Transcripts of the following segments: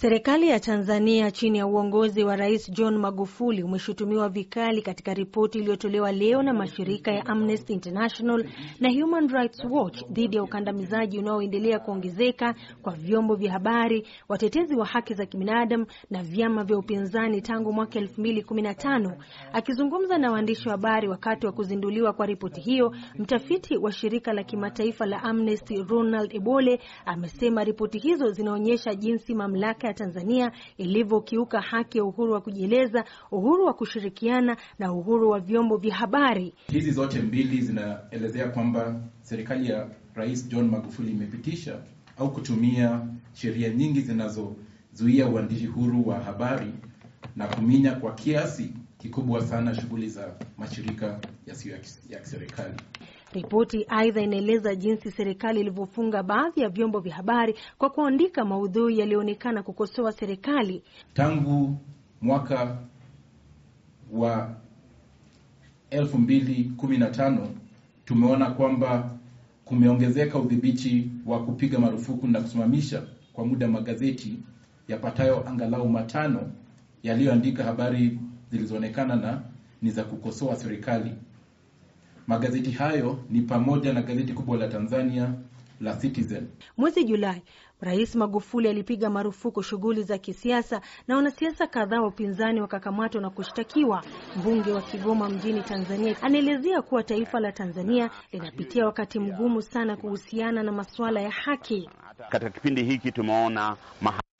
Serikali ya Tanzania chini ya uongozi wa Rais John Magufuli umeshutumiwa vikali katika ripoti iliyotolewa leo na mashirika ya Amnesty International na Human Rights Watch dhidi ya ukandamizaji unaoendelea kuongezeka kwa vyombo vya habari, watetezi wa haki za kibinadamu na vyama vya upinzani tangu mwaka 2015. Akizungumza na waandishi wa habari wakati wa kuzinduliwa kwa ripoti hiyo, mtafiti wa shirika la kimataifa la Amnesty Ronald Ebole amesema ripoti hizo zinaonyesha jinsi mamlaka mipaka ya Tanzania ilivyokiuka haki ya uhuru wa kujieleza, uhuru wa kushirikiana na uhuru wa vyombo vya habari. Hizi zote mbili zinaelezea kwamba serikali ya Rais John Magufuli imepitisha au kutumia sheria nyingi zinazozuia uandishi huru wa habari na kuminya kwa kiasi kikubwa sana shughuli za mashirika yasiyo ya kiserikali. Ripoti aidha inaeleza jinsi serikali ilivyofunga baadhi ya vyombo vya habari kwa kuandika maudhui yaliyoonekana kukosoa serikali tangu mwaka wa 2015 tumeona kwamba kumeongezeka udhibiti wa kupiga marufuku na kusimamisha kwa muda magazeti yapatayo angalau matano yaliyoandika habari zilizoonekana na ni za kukosoa serikali. Magazeti hayo ni pamoja na gazeti kubwa la Tanzania la Citizen. Mwezi Julai, Rais Magufuli alipiga marufuku shughuli za kisiasa na wanasiasa kadhaa wa upinzani wakakamatwa na kushtakiwa. Mbunge wa Kigoma mjini Tanzania anaelezea kuwa taifa la Tanzania linapitia wakati mgumu sana kuhusiana na masuala ya haki. Katika kipindi hiki tumeona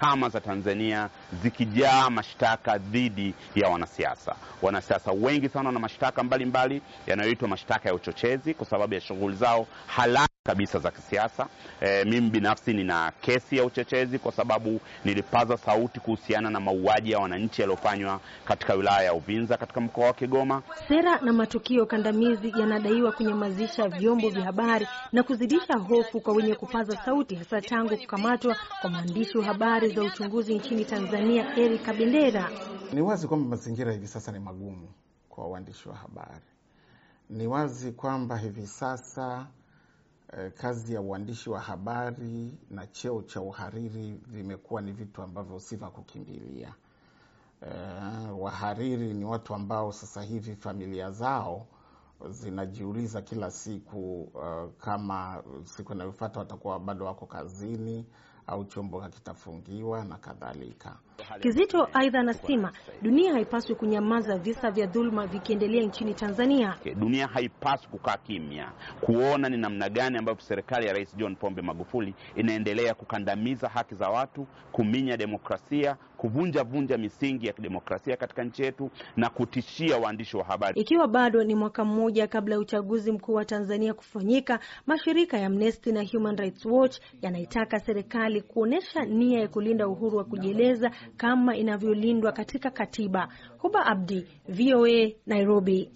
kama za Tanzania zikijaa mashtaka dhidi ya wanasiasa. Wanasiasa wengi sana wana mashtaka mbalimbali yanayoitwa mashtaka ya uchochezi kwa sababu ya shughuli zao halali kabisa za kisiasa. E, mimi binafsi nina kesi ya uchechezi kwa sababu nilipaza sauti kuhusiana na mauaji ya wananchi yaliyofanywa katika wilaya ya Uvinza katika mkoa wa Kigoma. Sera na matukio kandamizi yanadaiwa kunyamazisha vyombo vya habari na kuzidisha hofu kwa wenye kupaza sauti, hasa tangu kukamatwa kwa mwandishi wa habari za uchunguzi nchini Tanzania Eric Kabendera. Ni wazi kwamba mazingira hivi sasa ni magumu kwa waandishi wa habari. Ni wazi kwamba hivi sasa Eh, kazi ya uandishi wa habari na cheo cha uhariri vimekuwa ni vitu ambavyo si vya kukimbilia. Uh, wahariri ni watu ambao sasa hivi familia zao zinajiuliza kila siku uh, kama siku inayofuata watakuwa bado wako kazini au chombo hakitafungiwa na kadhalika. Kizito aidha anasema dunia haipaswi kunyamaza visa vya dhuluma vikiendelea nchini Tanzania. Dunia haipaswi kukaa kimya kuona ni namna gani ambavyo serikali ya Rais John Pombe Magufuli inaendelea kukandamiza haki za watu, kuminya demokrasia, kuvunja vunja misingi ya kidemokrasia katika nchi yetu na kutishia waandishi wa habari. Ikiwa bado ni mwaka mmoja kabla ya uchaguzi mkuu wa Tanzania kufanyika, mashirika ya Amnesty na Human Rights Watch yanaitaka serikali kuonesha nia ya kulinda uhuru wa kujieleza kama inavyolindwa katika katiba. Huba Abdi, VOA, Nairobi.